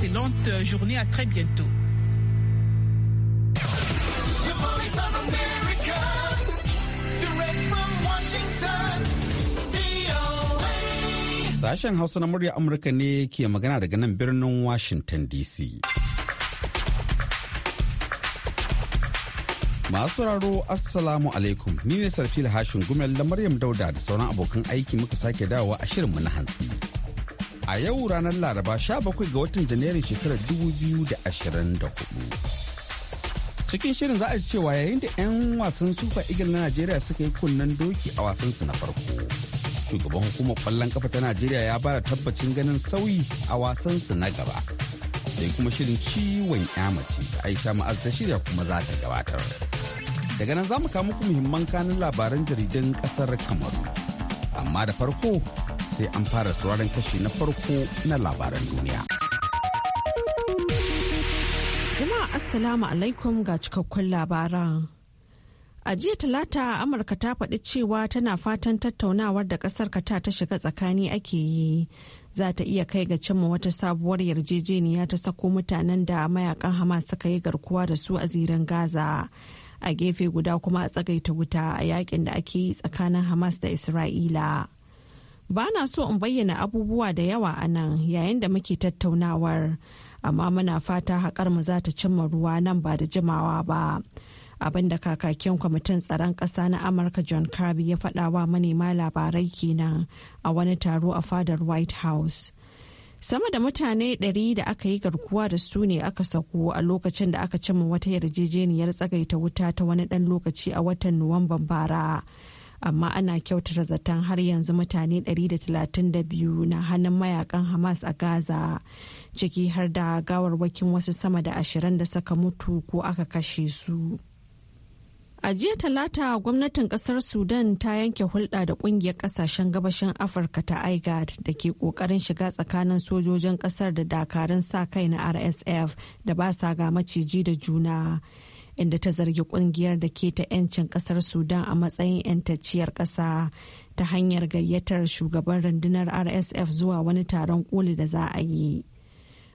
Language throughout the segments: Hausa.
excellente journée. À très bientôt. Sashen Hausa na murya Amurka ne ke magana daga nan birnin Washington DC. Masu sauraro Assalamu alaikum ni ne Sarfil Hashin Gumel da Maryam Dauda da sauran abokan aiki muka sake dawowa a shirinmu na hantsi. a yau ranar laraba 17 ga watan janairun shekarar 2024 cikin shirin za a ji cewa yayin da 'yan wasan super eagle na najeriya suka yi kunnen doki a wasansu na farko shugaban hukumar kwallon kafa ta najeriya ya bada tabbacin ganin sauyi a wasansu na gaba sai kuma shirin ciwon mace aisha ma'az ta shirya kuma za ta gabatar daga nan za mu kamu muhimman kanin labaran jaridan kasar kamaru amma da farko sai an fara sauraron kashi na farko na labaran duniya. Jama'a Assalamu alaikum ga cikakkun labaran. A jiya Talata Amurka ta faɗi cewa tana fatan tattaunawar da ƙasar ta ta shiga tsakani ake yi za ta iya kai ga cimma wata sabuwar yarjejeniya ta sako mutanen da mayakan Hamas suka yi garkuwa da su a zirin Gaza. A gefe guda kuma a tsagaita wuta a yakin da ake yi tsakanin Hamas da Isra'ila. ba na so in bayyana abubuwa da yawa a nan yayin da muke tattaunawar amma muna fata haƙarmu mu za ta cimma ruwa nan ba da jimawa ba abin da kakakin kwamitin tsaron ƙasa na amurka john kirby ya faɗa wa manema labarai kenan a wani taro a fadar white house sama da mutane 100 da aka yi garkuwa da su ne aka sako a lokacin da aka cimma wata yarjejeniyar tsagaita wuta ta wani ɗan lokaci a watan nuwamban bara amma ana kyautata zaton har yanzu mutane 132 na hannun mayakan hamas a gaza ciki har da gawarwakin wasu sama da ashirin da suka mutu ko aka kashe su a jiya talata gwamnatin kasar sudan ta yanke hulɗa da ƙungiyar ƙasashen gabashin afirka ta igad da ke ƙoƙarin shiga tsakanin sojojin ƙasar da dakarun sa kai na rsf da ba sa ga maciji da juna inda ta zargi kungiyar da ke ta 'yancin kasar sudan a matsayin 'yantacciyar kasa ta hanyar gayyatar shugaban rundunar rsf zuwa wani taron koli da za a yi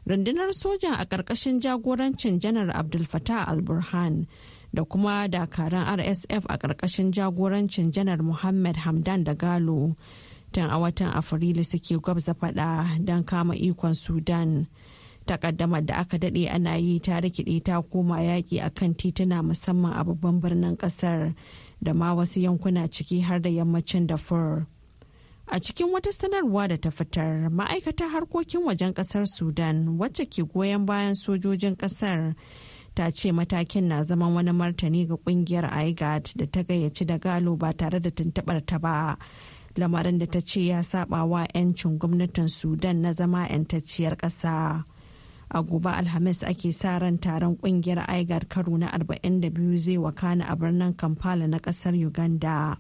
rundunar soja a ƙarƙashin jagorancin janar abdul fatah al-burhan da kuma dakaran rsf a ƙarƙashin jagorancin janar muhammad hamdan da galo tun a watan afrilu suke gwabza fada don kama ikon sudan takaddamar da aka dade ana yi ta rikide ta koma yaƙi a kan tituna musamman a babban birnin ƙasar da ma wasu yankuna ciki har da yammacin da fur. a cikin wata sanarwa da ta fitar ma'aikatar harkokin wajen ƙasar sudan wacce ke goyon bayan sojojin ƙasar ta ce matakin na zaman wani martani ga kungiyar igad da ta gayyaci da galo ba tare da tuntubar ta ba lamarin da ta ce ya saba wa 'yancin gwamnatin sudan na zama 'yantacciyar ƙasa a gobe alhamis ake sa ran taron kungiyar aigar karo na 42 zai wakana a birnin kampala na kasar uganda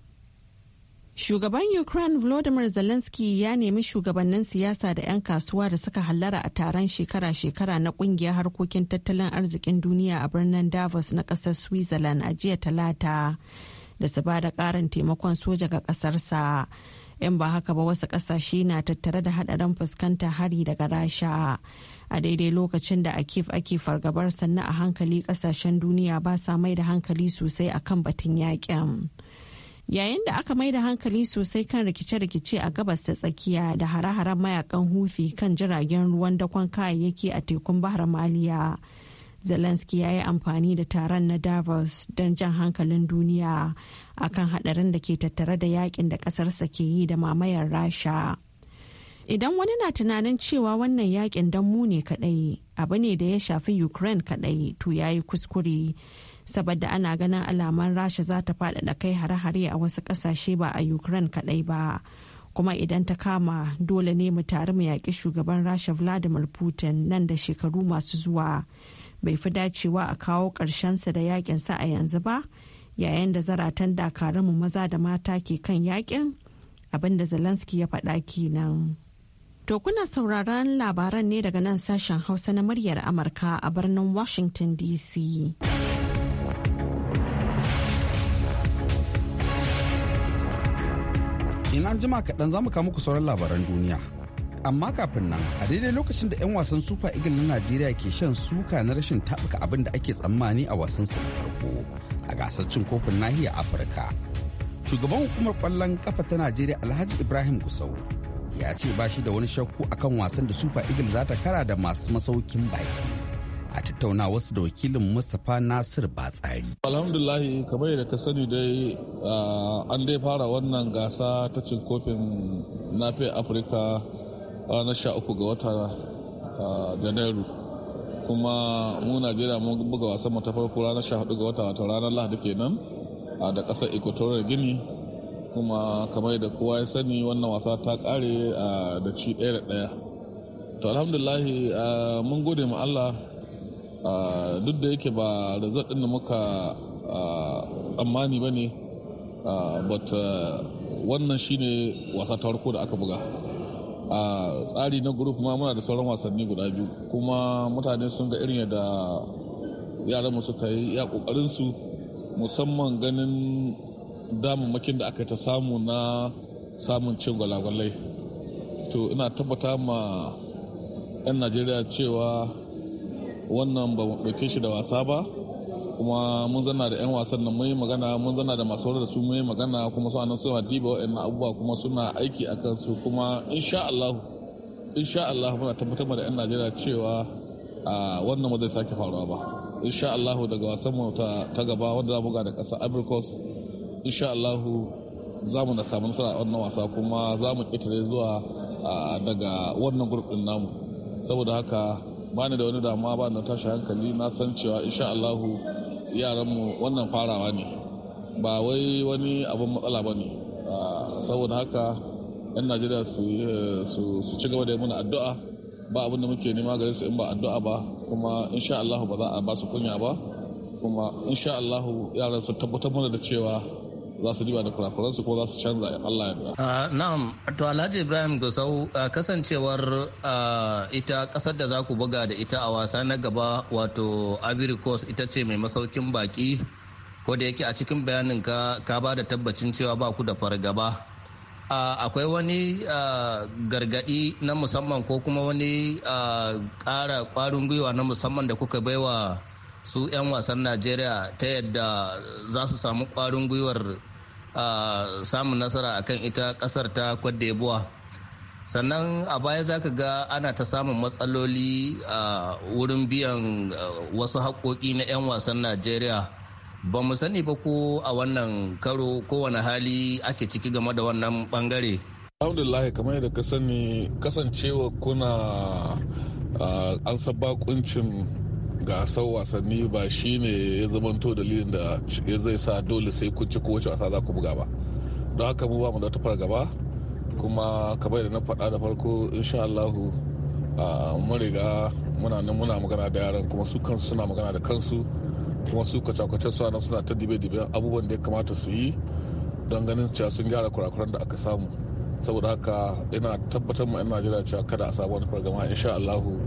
Shugaban Ukraine Volodymyr Zelensky ya nemi shugabannin siyasa da 'yan kasuwa da suka hallara a taron shekara-shekara na kungiyar harkokin tattalin arzikin duniya a birnin Davos na kasar Switzerland a jiya talata da su ba da karin taimakon soja ga kasarsa In ba haka ba wasu kasashe na tattare da hadarin fuskantar hari daga rasha. a daidai lokacin da a kif ake fargabar sannan a hankali kasashen duniya ba sa mai da hankali sosai akan batun yakin. yayin da aka mai da hankali sosai kan rikice-rikice a gabas ta tsakiya da hare-haren mayakan hufi kan jiragen ruwan dakon kayayyaki a tekun bahar maliya zelensky ya yi amfani da taron na davos don jan hankalin duniya akan hadarin da ke tattare da yakin da kasarsa ke yi da mamayar rasha Idan wani na tunanin cewa wannan yakin don mu ne kaɗai, abu ne da ya shafi Ukraine kadai to ya yi kuskure. Saboda ana ganin alaman Rasha za ta faɗaɗa kai hare-hare a wasu ƙasashe ba a Ukraine kadai ba. Kuma idan ta kama dole ne mu tare mu yaƙi shugaban Rasha Vladimir Putin nan da shekaru masu zuwa. Bai fi dacewa a kawo ƙarshensa da yakin sa a yanzu ba, yayin da zaratan mu maza da mata ke kan yaƙin abinda Zelensky ya faɗa kenan. To kuna sauraron labaran ne daga nan sashen Hausa na muryar Amurka a birnin Washington DC. Ina jima kaɗan za mu kawo muku sauran labaran duniya. Amma kafin nan a daidai lokacin da 'yan wasan Super Eagle na Najeriya ke shan suka na rashin taɓuka abin da ake tsammani a wasan su farko a gasar cin kofin nahiyar Afirka. Shugaban hukumar ƙwallon kafa ta Najeriya Alhaji Ibrahim Gusau ya ce ba shi da wani shakku akan wasan da super eagles za ta kara da masu masaukin baki a tattauna wasu da wakilin mustapha nasir batsari alhamdulahi kamar yadda ka sani dai ah, an dai fara wannan gasa ta cin kofin nafe afirka ranar ah, sha uku ga wata ah, janairu kuma mu najeriya mun buga wasan mu ta farko ranar sha hudu ga wata wata ranar lahadi kenan da kasar equatorial guinea kuma kamar da kowa ya sani wannan wasa ta kare da ci ɗaya da ɗaya to alhamdulahi mun gode ma Allah duk da yake ba da ɗin da muka tsammani ba ne but wannan shine wasa ta farko da aka buga a tsari na group ma muna da sauran wasanni guda biyu kuma mutane sun ga irin yadda yaranmu suka yi ya kokarin su musamman ganin damammakin da aka ta samu na samun cin gwalagwalai to ina tabbata ma 'yan najeriya cewa wannan ba mu ɗauke shi da wasa ba kuma mun zana da 'yan wasan nan mun yi magana mun zana da masu da su mun yi magana kuma su anan suna diba wa'annan abubuwa kuma suna aiki a kansu kuma insha Allah insha Allah muna tabbatar da 'yan najeriya cewa wannan ba zai sake faruwa ba insha Allah daga wasan mu ta gaba wanda za mu ga da ƙasa Ivory insha Allahu za mu na samu nasara a wannan wasa kuma za mu ƙetare zuwa daga wannan gurbin namu saboda haka ba ni da wani dama ba na tashi hankali na san cewa insha yaran yaranmu wannan farawa ne ba wai wani abin matsala ba ne saboda haka 'yan najeriya eh, su ci gaba da yi addu'a ba abin da muke nema gare su in ba addu'a ba kuma insha Allahu ba za a ba su kunya ba kuma insha Allahu yaran su tabbatar mana da cewa za su riba da kurakuransu ko za su canza ya Allah ya ah, na'am to Alhaji Ibrahim Gusau ah, kasancewar ah, ita kasar da za ku buga da ita a wasa na gaba wato Ivory Coast ita ce mai masaukin baki ko da yake a cikin bayanin ka ka ba da tabbacin cewa ba ku da fargaba akwai wani gargadi na musamman ko kuma wani ƙara kwarin gwiwa na musamman da kuka baiwa su 'yan wasan najeriya ta yadda za su samu kwarin gwiwar samun nasara akan ita kasar ta Cote sannan a baya za ka ga ana ta samun matsaloli a wurin biyan wasu haƙoƙi na 'yan wasan najeriya ba mu sani ba ko a wannan karo kowane hali ake ciki game da wannan bangare alhamdulillah kamar yadda ka sani kasancewa kuna an sabakuncin gasar wasanni ba shi ne ya zamanto dalilin da ya zai sa dole sai kun ci kowace wasa za ku buga ba don haka mu ba mu da wata fargaba kuma kamar da na faɗa da farko insha Allahu mun riga muna nan muna magana da yaran kuma su kansu suna magana da kansu kuma su kwace-kwace suna suna ta dibe-dibe abubuwan da ya kamata su yi don ganin cewa sun gyara kurakuran da aka samu saboda haka ina tabbatar ma 'yan najeriya cewa kada a samu wani fargama insha allahu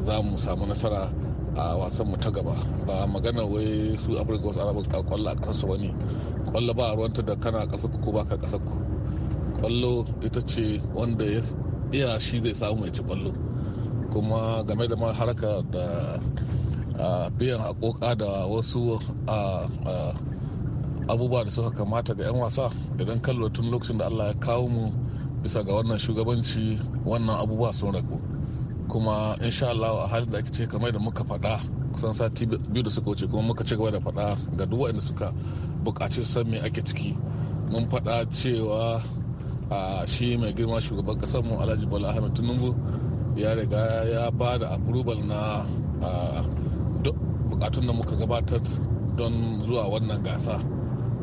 za mu samu nasara a wasan mu ta gaba ba magana wai su afirka wasu arabu a kwallo a su wani kwallo ba ruwanta da kana kasar ku ko ba ka kasar ku kwallo ita ce wanda ya iya shi zai samu mai ci kwallo kuma game da haraka da biyan haƙoƙa da wasu abubuwa da suka kamata ga 'yan wasa idan kallo tun lokacin da allah ya kawo mu bisa ga wannan shugabanci wannan abubuwa sun ragu kuma insha allah a halin da ake ce kamar da muka faɗa kusan sati biyu da suka wuce kuma muka ci gaba da faɗa ga duk waɗanda suka buƙaci su san me ake ciki mun faɗa cewa a shi mai girma shugaban ƙasar mu alhaji Bala ahmed tinubu ya riga ya ba da approval na duk bukatun da muka gabatar don zuwa wannan gasa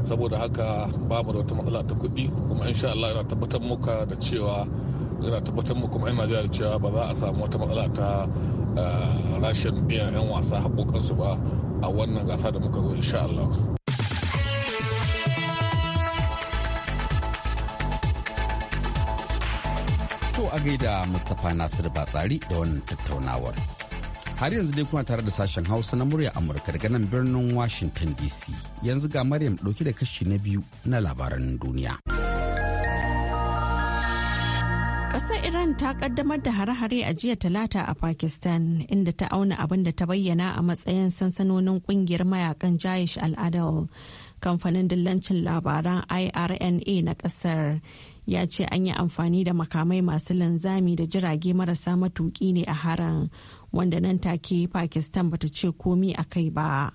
saboda haka ba mu da wata matsala ta kuɗi kuma insha Allah ina tabbatar muka da cewa ina tabbatar muku kuma ina da cewa ba za a samu wata matsala ta eh, rashin biyan 'yan wasa haƙoƙansu ba a wannan gasa da muka zo insha Allah. To a gaida Mustapha Nasir Batsari da wannan tattaunawar. Har yanzu dai kuna tare da sashen Hausa na murya Amurka daga nan birnin Washington DC. Yanzu ga Maryam ɗauki da kashi na biyu na labaran duniya. Ƙasar Iran ta kaddamar da hare-hare a jiya talata a Pakistan inda ta auna abin da ta bayyana a matsayin sansanonin kungiyar mayakan Jayish al-Adal. Kamfanin dillancin labaran IRNA na ƙasar ya ce an yi amfani da makamai masu linzami da jirage marasa matuƙi ne a haran wanda nan take pakistan bata ce komi a kai ba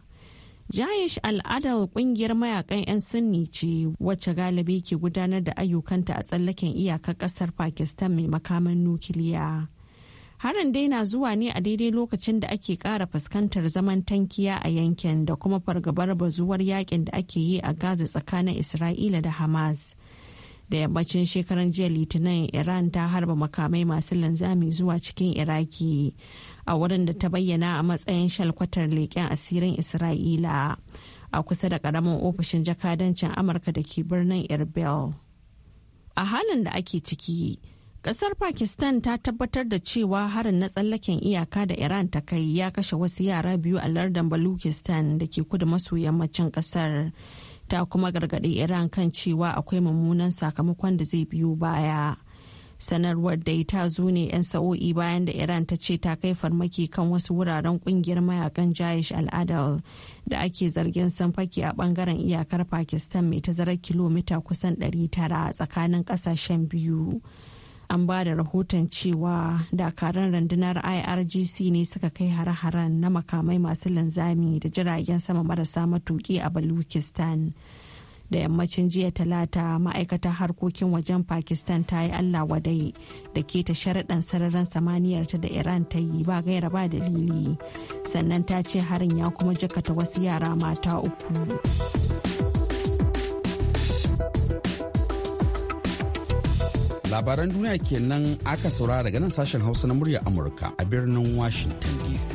jayish al'adar kungiyar mayakan 'yan sunni ce wacce galibi ke gudanar da ayyukanta a tsallaken iyakar kasar pakistan mai makaman nukiliya harin dai na zuwa ne a daidai lokacin da ake kara fuskantar zaman tankiya a yankin da kuma fargabar bazuwar yakin da ake yi a gaza tsakanin isra'ila da hamas da yammacin shekaran jiya litinin iran ta harba makamai masu linzami zuwa cikin iraki a wurin da ta bayyana a matsayin shalkwatar leƙen asirin isra'ila a kusa da ƙaramin ofishin jakadancin amurka da ke birnin erbil a halin da ake ciki ƙasar pakistan ta tabbatar da cewa harin na tsallaken iyaka da iran ta kai ya kashe wasu yara biyu a lardin baluchistan da ke kudu maso yammacin ƙasar ta kuma gargaɗi iran kan cewa akwai mummunan sakamakon da zai biyo baya sanarwar dai ta zo ne 'yan sa'o'i bayan da iran ta ce ta kai farmaki kan wasu wuraren kungiyar mayakan jayish al'adal da ake zargin sun faki a bangaren iyakar pakistan mai tazarar kilomita kusan 900 tsakanin kasashen biyu an ba da rahoton cewa dakarun rundunar irgc ne suka kai hare-haren na makamai masu linzami da jiragen sama marasa matuki a balukistan da yammacin jiya talata ma'aikatar harkokin wajen pakistan ta yi allah wadai da ke ta sharaɗan sararin samaniyar ta da iran ta yi ba gaira ba dalili sannan ta ce harin ya kuma jikata wasu yara mata uku labaran duniya kenan aka saurara daga nan sashen hausa na murya amurka a birnin washington dc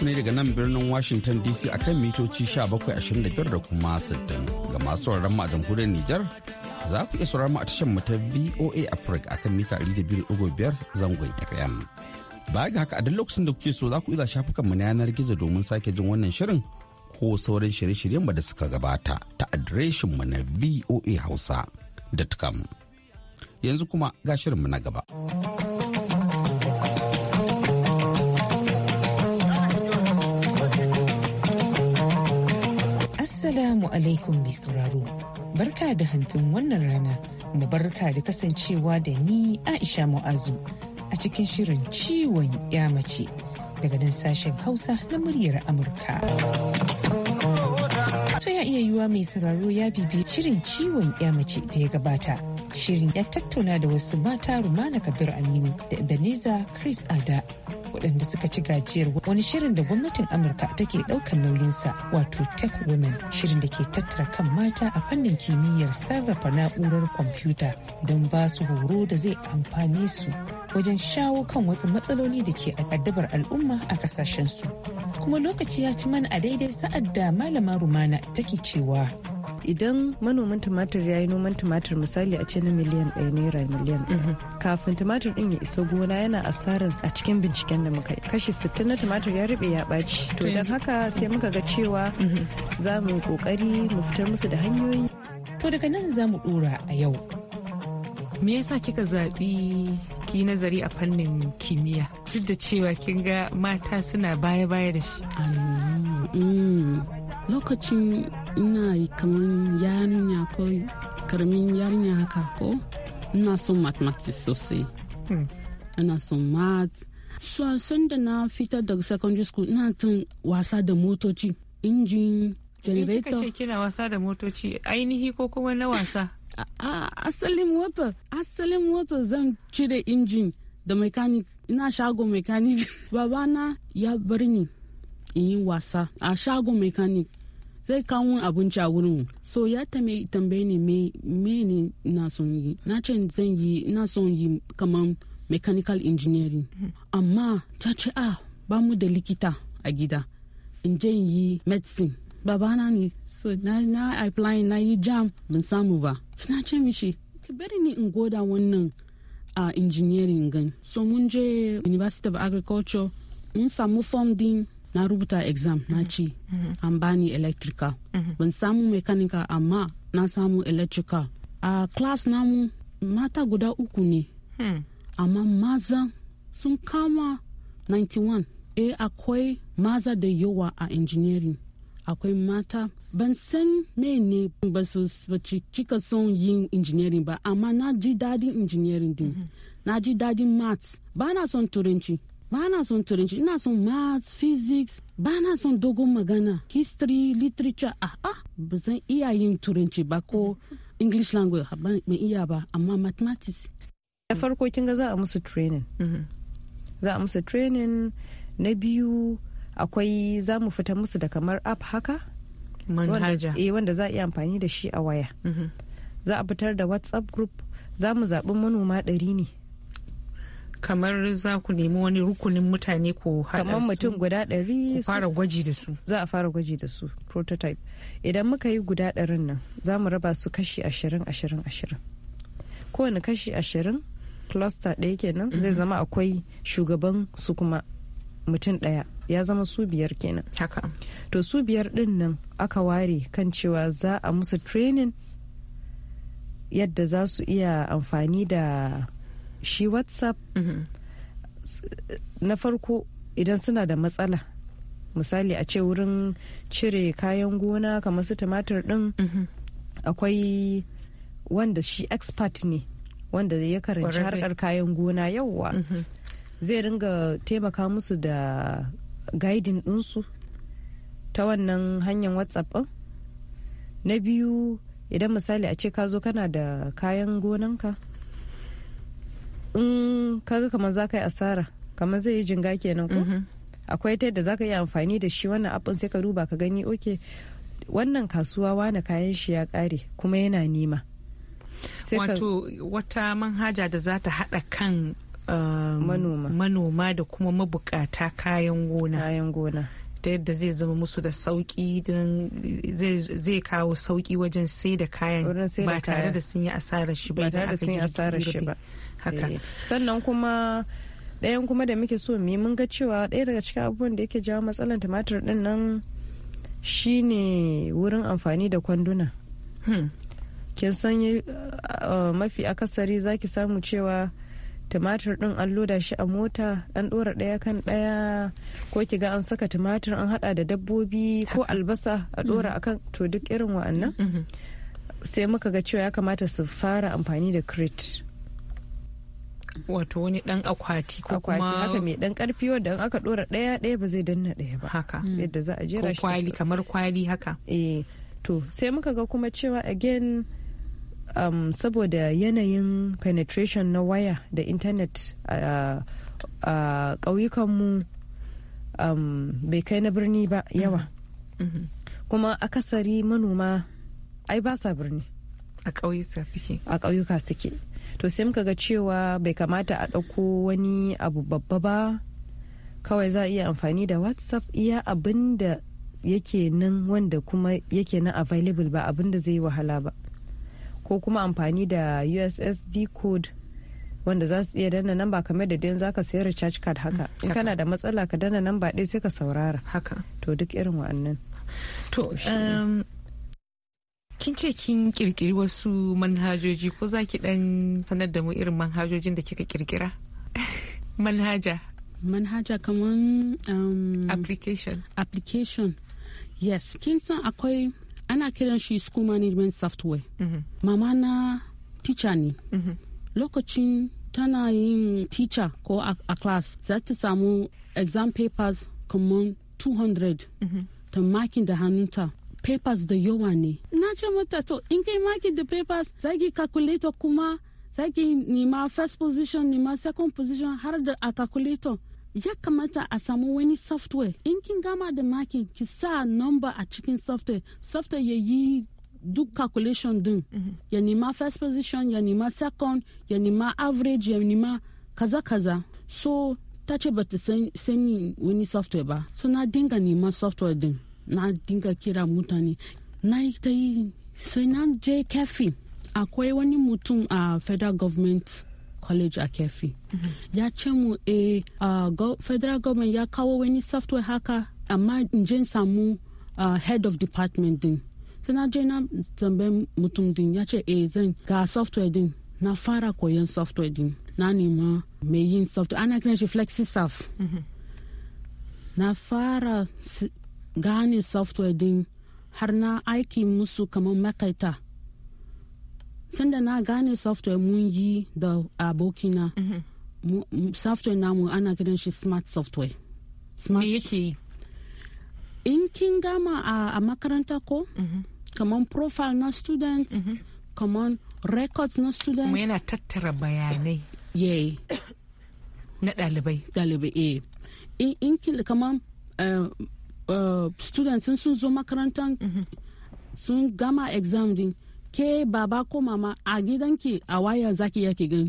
muku ne daga nan birnin Washington DC akan mitoci 1725 da kuma 60 ga masu sauraron mu a jamhuriyar Nijar za ku iya sauraron mu a tashar mu ta VOA Africa akan mita 200.5 zangon FM. Baya ga haka a duk lokacin da kuke so za ku iya shafukan mu na yanar gizo domin sake jin wannan shirin ko sauran shirye-shiryen da suka gabata ta adireshin mu na voahausa.com. Yanzu kuma ga shirin mu na gaba. Assalamu alaikum mai sauraro. Barka da hantun wannan rana, mu barka da kasancewa da ni Aisha Mu'azu a cikin shirin ciwon ya mace daga nan sashen Hausa na muryar Amurka. To ya iya yiwa mai sauraro ya bibi shirin ciwon ya mace da ya gabata. Shirin ya tattauna da wasu mata Rumana Kabir Aminu da Ebenezer Chris Ada waɗanda suka ci gajiyar wani shirin da gwamnatin amurka take ɗaukar nauyinsa wato tech women shirin da ke tattara kan mata a fannin kimiyyar sarrafa na'urar kwamfuta don ba su horo da zai amfane su wajen shawo kan wasu matsaloli da ke addabar al'umma a su kuma lokaci ya ci mana a daidai sa'ad da malama rumana take cewa idan manoman tumatir ya yi noman tumatir misali a ce na miliyan ɗaya naira miliyan ɗaya mhm. kafin tumatir ɗin ya isa gona yana asarar a cikin binciken da muka yi kashi sittin na tumatir ya ruɓe ya ɓaci to don haka sai muka ga cewa mhm. za mu ƙoƙari mu fitar musu da hanyoyi to daga nan za mu ɗora a yau me yasa kika zaɓi ki nazari a fannin kimiyya duk da cewa kin ga mata suna baya-baya da shi eh, lokacin ina kamar yarinya ko karamin yarinya haka ko ina son mathematics sosai hmm. ina son math sun da na fita daga secondary school ina tun wasa da motoci injin generator kika ce kina wasa da motoci ainihi ko kuma na wasa asalin motor asalin mota zan cire injin da mechanic ina shago mechanic babana ya bar ni in yi wasa a shago mechanic zai kawo abinci a wurin so ya tambaye ni me ne na son yi na ce zan yi na son yi kamar mechanical engineering amma ta ce a ah, ba mu da likita a gida in je yi medicine babana ne so na na apply na yi jam ban samu ba na ce mishi ki bari ni in goda wannan a engineering gan so mun je university of agriculture mun samu funding na rubuta exam na ci mhm. an bani electrical mhm. ban samu mechanical amma na samu electrical a class namu mata guda uku ne hmm. amma maza sun kama 91 eh akwai maza da yawa a engineering akwai mata ban san ne ba su cika son yin engineering ba amma na ji dadin engineering din mhm. na ji dadin maths ba na son turanci ba na son turanci ina son maths physics ba na son dogon magana history literature a ah, ah ba zan iya yin turanci ba ko english language ban iya ba amma mathematics na farko kin ga za a musu training mm-hmm. za a musu training na biyu akwai za mu fita musu da kamar app haka manhaja eh wanda za a iya amfani da shi a waya mm-hmm. za a fitar da whatsapp group za mu zaɓi manoma ɗari ne kamar za ku nemi wani rukunin mutane ko haɗa kamar mutum guda ɗari fara gwaji da su za a fara gwaji da su prototype idan muka yi guda ɗarin nan za mu raba su kashi ashirin ashirin ashirin kowane kashi ashirin cluster ɗaya kenan zai mhm. zama akwai shugaban su kuma mutum ɗaya ya zama su biyar kenan haka to su biyar ɗin nan aka ware kan cewa za a musu training yadda za su iya amfani da shi whatsapp mhm. na farko idan suna da matsala misali a ce wurin cire kayan gona kamar su tumatir din mhm. akwai wanda shi expert ne wanda ya karanci harkar kayan gona yauwa mhm. zai ringa taimaka musu da guiding dinsu ta wannan hanyar whatsapp din na biyu idan misali a ce ka zo kana da kayan gonanka in kaga kamar za ka yi asara kamar zai yi jinga kenan ko mm-hmm. akwai ta yadda za ka yi amfani da shi wannan abin sai ka duba ka gani oke wannan kasuwa wani kayan shi ya kare kuma yana nima wato wata manhaja da za ta haɗa kan um, manoma manoma da kuma mabukata kayan gona kayan gona ta yadda zai zama musu da sauki don zai kawo sauki wajen sai da kayan ba tare da sun yi asarar shi ba ba tare da sun yi asarar shi ba haka eh, sannan kuma ɗayan kuma da muke so mu mun ga cewa ɗaya daga cikin abubuwan da yake jawo matsalar tumatir ɗin nan shine wurin amfani da kwanduna hmm. kin san uh, uh, mafi akasari zaki samu cewa tumatir ɗin an loda shi a mota an ɗora ɗaya kan ɗaya ko kiga an saka tumatir an haɗa da dabbobi ko albasa a ɗora hmm. akan to duk irin wa'annan hmm. sai muka ga cewa ya kamata su fara amfani da crate wato wani dan akwati ko kuma haka mai dan karfi wanda aka dora daya daya ba zai danna daya ba haka mm. yadda za a jera shi kwali kamar kwali haka eh to sai muka ga kuma cewa again um, saboda yanayin penetration na waya da intanet a uh, uh, ƙauyukanmu um, bai kai na birni ba mm-hmm. yawa mm -hmm. kuma akasari manoma ai ba sa birni a ƙauyuka suke a ƙauyuka suke to sai muka ga cewa bai kamata a ɗauko wani abu babba ba kawai za a iya amfani da whatsapp iya abin da yake nan wanda kuma yake nan available ba abin da zai yi wahala ba ko kuma amfani da ussd code wanda za su iya danna namba kamar da dan zaka sayar recharge card haka mm, in kana da matsala ka danna namba ɗaya sai ka saurara haka to duk irin wa'annan to kin ce kin kirkiri wasu manhajoji ko za ki dan sanar da mu irin manhajojin da kika kirkira manhaja manhaja kaman um, application application yes kin san akwai ana kiran shi school management software mm -hmm. mama na teacher ne mm -hmm. lokacin tana yin teacher ko a, a class za ta samu exam papers kaman 200 mm -hmm. ta makin da hannunta papers da yawa ne na ce mata to in kai maki da papers ki calculator kuma ki nima first position nima second position har da a calculator ya kamata a samu wani software in kin gama da makin ki sa number a cikin software software ya yi duk calculation din mm -hmm. ya nima first position ya nima second ya nima average ya nima kaza kaza so ta ce ba ta sani wani software ba so na dinga nima software din na dinga kira mutane na yi ta yi sai na je kefi akwai wani mutum a federal government college a kefi mhm. ya ce mu e federal government ya kawo wani software haka amma in je samu head of department din sai na je na tambayi mutum din ya ce e zan ga software din na fara koyon software din na nema mai yin software ana kiran shi flexi mhm. na fara gane software din har na aiki musu kamar makaita sanda na gane software mun yi da abokina mhm. software namu ana gidan shi smart software smart me yake in kin gama a, makaranta ko mhm. kamar profile na student mhm. kamar records na student kuma yana tattara bayanai yayi na ɗalibai ɗalibai eh in, in kamar eh, Uh, students sun zo makarantar mhm. sun gama exam din ke baba ko mama a gidanki a waya zaki yake gani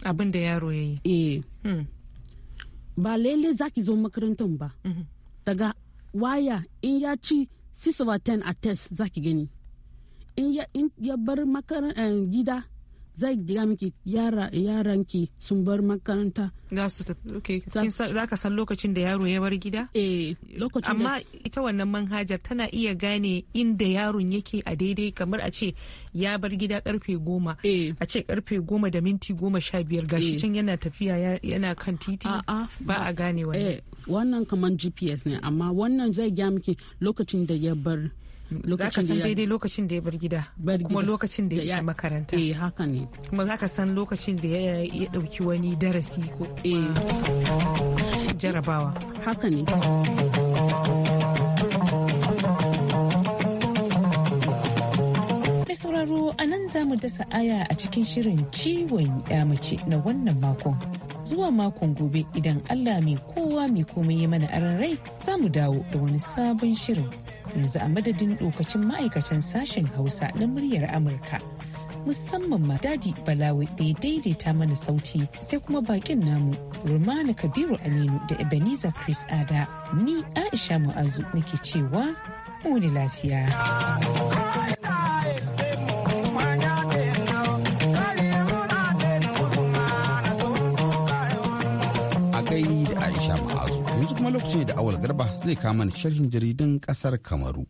abin da yaro ya yi eh hmm. ba lele zaki zo makarantar ba mhm. daga waya in ya ci 6 over 10 a test zaki gani in ya bar eh, gida zai gida miki yara ki sun bar makaranta za su za ka san lokacin da yaro ya bar gida eh lokacin amma ita wannan manhajar tana iya gane inda yaron yake a daidai kamar a ce ya bar gida karfe goma eh. a ce karfe goma da minti goma sha biyar gashi eh. can yana tafiya yana kan titi ba a gane wannan eh, wannan kamar gps ne amma wannan zai gya miki lokacin da ya bar lokacin da daidai lokacin da ya bar gida kuma lokacin da ya isa makaranta eh haka ne kuma zaka san lokacin da ya dauki wani darasi ko eh jarabawa haka ne sauraro a nan za mu dasa aya a cikin shirin ciwon ya mace na wannan makon zuwa makon gobe idan allah mai kowa mai komai ya mana aran rai za mu dawo da wani sabon shirin yanzu a madadin dokacin ma'aikatan sashen hausa na muryar amurka musamman ma dadi balawi da ya daidaita mana sauti sai kuma bakin namu rumana kabiru aminu da ebenezer chris ada ni aisha mu'azu nake cewa muni lafiya yanzu kuma lokaci da awal garba zai kama sharhin jaridun kasar kamaru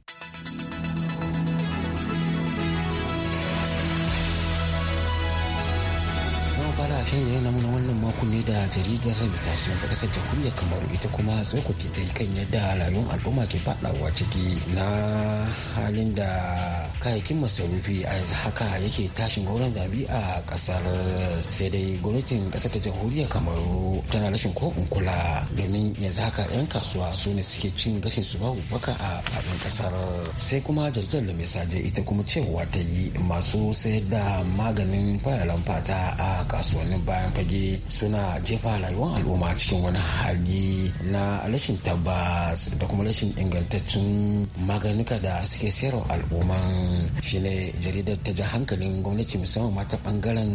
fara shirin namu na wannan makon ne da jaridar Reputation ta kasar jamhuriyar Kamaru ita kuma tsokoki ta yi kan yadda rayuwar al'umma ke faɗawa ciki na halin da kayakin masarufi a yanzu haka yake tashin gauran zabi a kasar sai dai gwamnatin kasar ta jamhuriyar kamaru tana rashin ko kula domin yanzu haka 'yan kasuwa su ne suke cin gashin su babu baka a faɗin kasar sai kuma jaridar da misaje ita kuma cewa ta yi masu sayar da maganin fayalan fata a kasuwa wani bayan fage suna jefa rayuwar al'umma cikin wani hali na rashin tabbas da kuma rashin ingantaccen maganuka da suke sayarwa al'umma shine jaridar ta ji hankalin gwamnati musamman mata bangaren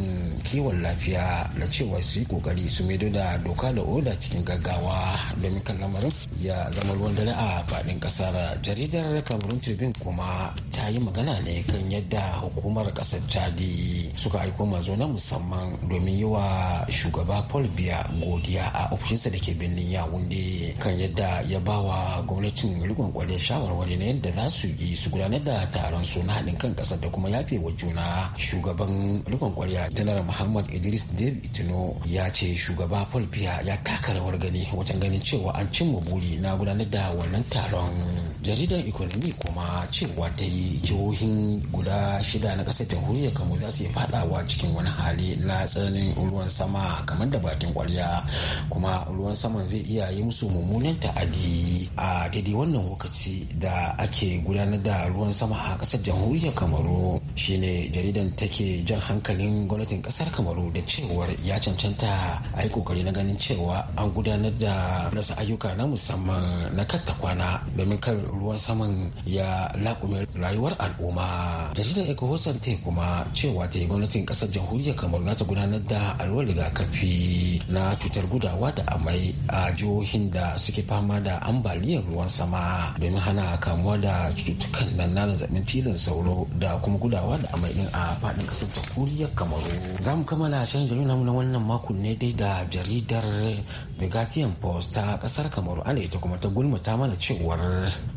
kiwon lafiya da cewa su yi kokari su maido da doka da oda cikin gaggawa domin kan lamarin ya zama ruwan dare a faɗin ƙasar jaridar kamarun tribune kuma ta yi magana ne kan yadda hukumar kasar chadi suka aiko mazo na musamman domin domin yi wa shugaba paul biya godiya a ofishinsa da ke birnin yawunde kan yadda ya ba wa gwamnatin rigon kwale shawarwari na yadda za su yi su gudanar da taron su na haɗin kan ƙasar da kuma yafe wa juna shugaban rikon kwarya janar muhammad idris david itino ya ce shugaba paul biya ya taka rawar gani wajen ganin cewa an cimma buri na gudanar da wannan taron jaridar economy kuma cewa ta yi jihohin guda shida na ƙasar jamhuriyar kamo za su yi fadawa cikin wani hali na tsananin ruwan sama kamar da bakin kwarya kuma ruwan saman zai iya yi musu mummunan ta'adi a daidai wannan lokaci da ake gudanar da ruwan sama a ƙasar jamhuriyar kamaru shine jaridan take jan hankalin gwamnatin ƙasar kamaru da cewar ya cancanta a yi kokari na ganin cewa an gudanar da rasa ayyuka na musamman na katta kwana domin kar ruwan saman ya lakume rayuwar al'umma jaridar ecohosan te kuma cewa ta yi gwamnatin kasar jamhuriya kamar za ta gudanar da alwar rigakafi na cutar gudawa da amai a jihohin da suke fama da ambaliyar ruwan sama domin hana kamuwa da cututtukan nan na zazzabin cizon sauro da kuma gudawa da amai din a faɗin kasar jamhuriyar kamaru za mu kammala shan jaridar namu na wannan makon ne dai da jaridar the guardian post ta kasar kamaru ana ita kuma ta gulmata mana cewar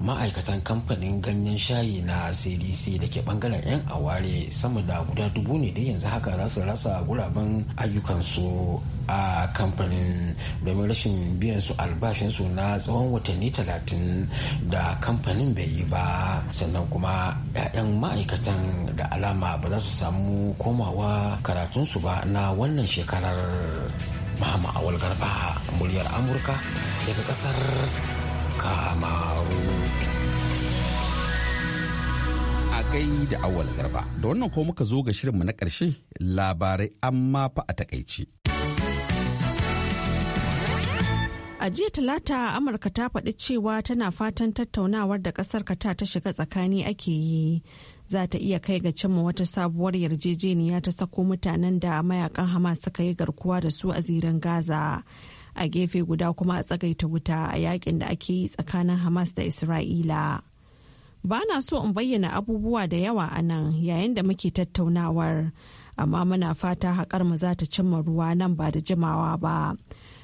ma'aikatan kamfanin ganyen shayi na cdc da ke bangaren 'yan aware sama da guda dubu ne da yanzu haka za su rasa guraben ayyukansu a kamfanin domin rashin biyan su albashinsu na tsawon watanni talatin da kamfanin bai yi ba sannan kuma 'ya'yan ma'aikatan da alama ba za su samu komawa karatunsu ba na wannan shekarar mahama awal garba muryar amurka daga kasar kamaru a gai da awal garba da wannan ko muka zo ga shirinmu na ƙarshe labarai amma fa a takaici a jiya talata amurka ta faɗi cewa tana fatan tattaunawar da ƙasar kata ta shiga tsakani ake yi za ta iya kai ga cimma wata sabuwar yarjejeniya ta sako mutanen da mayakan hamas suka yi garkuwa da su a zirin gaza a gefe guda kuma a tsagaita wuta a yakin da ake yi tsakanin hamas da isra'ila ba na so in bayyana abubuwa da yawa a nan yayin da muke tattaunawar amma muna fata haƙar mu za ta cimma ruwa nan ba da jimawa ba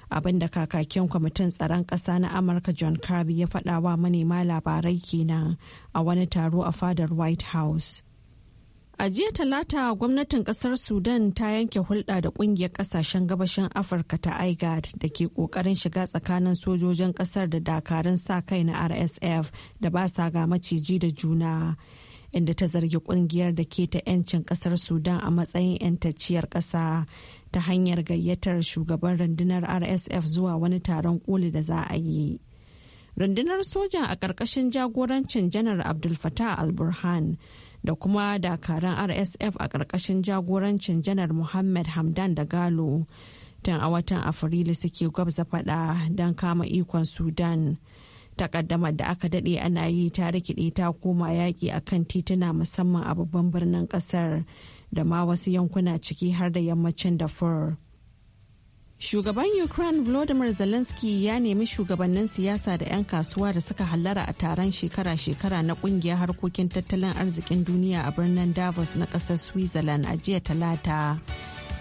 abin da kakakin kwamitin tsaron ƙasa na amurka john kirby ya faɗa wa manema labarai kenan a wani taro a fadar white house A jiya talata gwamnatin kasar Sudan ta yanke hulɗa da ƙungiyar ƙasashen gabashin Afirka ta IGAD da ke ƙoƙarin shiga tsakanin sojojin ƙasar da dakarun sa kai na RSF da ba sa ga maciji da juna. Inda ta zargi ƙungiyar da ke ta 'yancin ƙasar Sudan a matsayin 'yantacciyar ƙasa ta hanyar gayyatar shugaban rundunar RSF zuwa wani taron ƙoli da za a yi. Rundunar sojan a ƙarƙashin jagorancin Janar Abdul Fattah al-Burhan. da kuma dakaran rsf a ƙarƙashin jagorancin janar muhammad hamdan da galo tun a watan afrilu suke gwabza fada don kama ikon sudan takaddamar da aka daɗe ana yi ta rikide ta koma yaƙi a kan tituna musamman a babban birnin ƙasar da ma wasu yankuna ciki har da yammacin dafur Shugaban Ukraine Volodymyr Zelensky ya nemi shugabannin siyasa da 'yan kasuwa da suka hallara a taron shekara-shekara na kungiyar harkokin tattalin arzikin duniya a birnin Davos na kasar Switzerland a jiya talata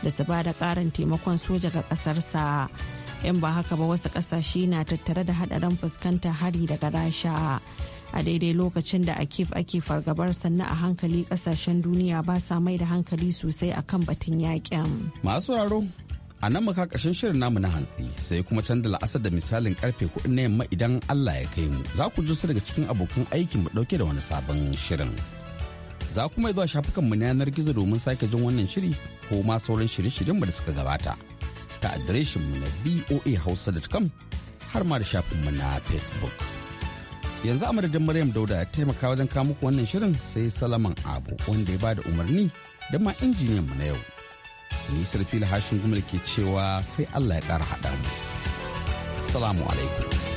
da su ba da karin taimakon soja ga kasarsa. In ba haka ba wasu kasashe na tattare da hadarin fuskantar hari daga rasha. A daidai lokacin da a kif ake fargabar sannan a hankali kasashen duniya ba sa mai da hankali sosai akan batun yakin. Masu a nan muka ƙarshen shirin namu na hantsi sai kuma canza la'asar da misalin karfe kuɗi na yamma idan Allah ya kai mu za ku ji su daga cikin abokan aikin mu ɗauke da wani sabon shirin za kuma zuwa shafukan mu na yanar gizo domin sake jin wannan shiri ko ma sauran shirye-shiryen mu da suka gabata ta adireshin mu na boahausa.com har ma da shafin mu na facebook yanzu a madadin maryam dauda ya taimaka wajen kawo muku wannan shirin sai salaman abu wanda ya bada umarni da ma injiniyan mu na yau nisar fili hashin gumal ke cewa sai allah ya ƙara haɗa mu salamu alaikum